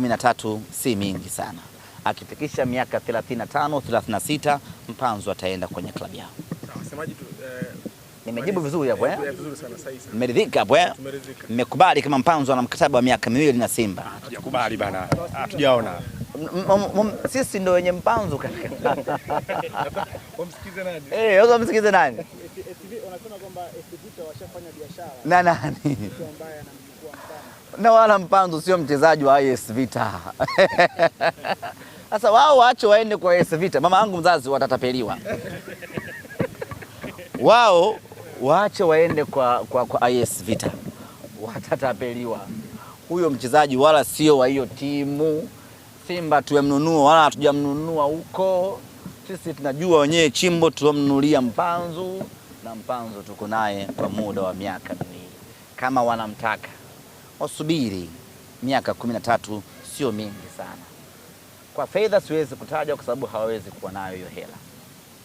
13 si mingi sana. Akifikisha miaka 35 36, Mpanzu ataenda kwenye klabu yao. Eh, Nimejibu vizuri hapo eh? eh Nimeridhika hapo eh? Nimekubali kama Mpanzu ana mkataba wa miaka miwili na Simba. Hatujakubali bana. Hatujaona. Sisi ndio wenye Mpanzu kaka. Wamsikize nani? Eh, wao wamsikize nani? Wanasema eh, kwamba washafanya biashara. Na nani? na wala Mpanzu sio mchezaji wa AS Vita. Sasa wao waache waende kwa AS Vita, mama yangu mzazi, watatapeliwa wao waache waende kwa, kwa, kwa AS Vita watatapeliwa. Huyo mchezaji wala sio wa hiyo timu. Simba tuemnunua wala hatujamnunua huko, sisi tunajua wenyewe chimbo tulomnunulia Mpanzu, na Mpanzu tuko naye kwa muda wa miaka miwili kama wanamtaka wasubiri miaka kumi na tatu, sio mingi sana. Kwa fedha siwezi kutaja kwa sababu hawawezi kuwa nayo hiyo hela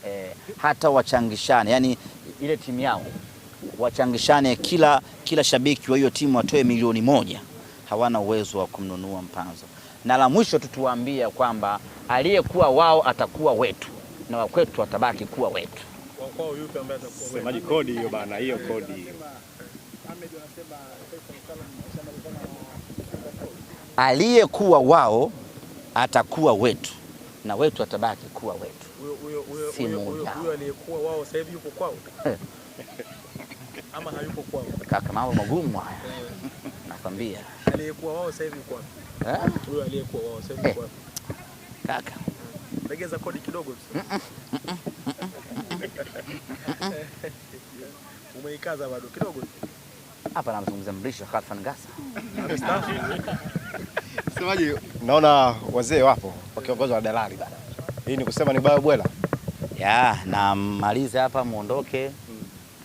e, hata wachangishane, yani ile timu yao wachangishane, kila kila shabiki wa hiyo timu watoe milioni moja, hawana uwezo wa kumnunua mpanzo Na la mwisho tutuwaambia kwamba aliyekuwa wao atakuwa wetu na wakwetu watabaki kuwa wetu. Semaji kodi hiyo bana, hiyo kodi aliyekuwa wao atakuwa wetu na wetu atabaki kuwa wetu. Huyo aliyekuwa wao sasa hivi yuko kwao ama hayuko kwao? Kaka, mambo magumu haya nakwambia. Aliyekuwa wao sasa hivi yuko wapi? Huyo aliyekuwa wao sasa hivi yuko wapi? Eh, kaka, legeza kodi kidogo tu. Umeikaza bado kidogo hapa namzungumza Mrisho Khalfan Gasa. Msemaji, naona wazee wapo wakiongozwa na dalali bana. Hii ni kusema ni bayo bwela ya na hapa, muondoke.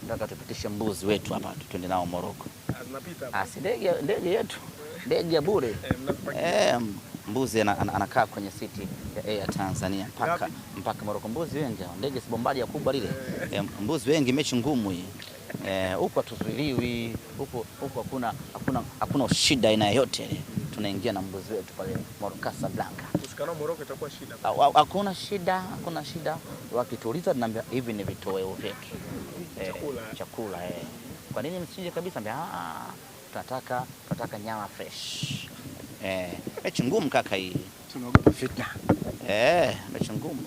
Nataka tupitishe mbuzi wetu hapa, twende nao Moroko. Asi ah, ndege yetu ndege ya bure eh, eh mbuzi anakaa kwenye siti ya eh, Air Tanzania mpaka mpaka Moroko. Mbuzi wengi ndege sibombaji ya kubwa lile, eh. mbuzi wengi, mechi ngumu hii. Eh, huko eh, hatuzuiliwi huko hakuna, hakuna, hakuna shida aina yoyote Tunaingia na mbuzi wetu pale Morocco Blanca. Tusikana itakuwa shida. hakuna shida, hakuna shida. Wakituuliza tunaambia hivi ni vitoweo vyake eh, chakula eh. Kwa nini msije kabisa? Ambia ah, ah, Tunataka tunataka nyama fresh eh, mechi ngumu kaka, hii tunaogopa fitna eh, mechi ngumu.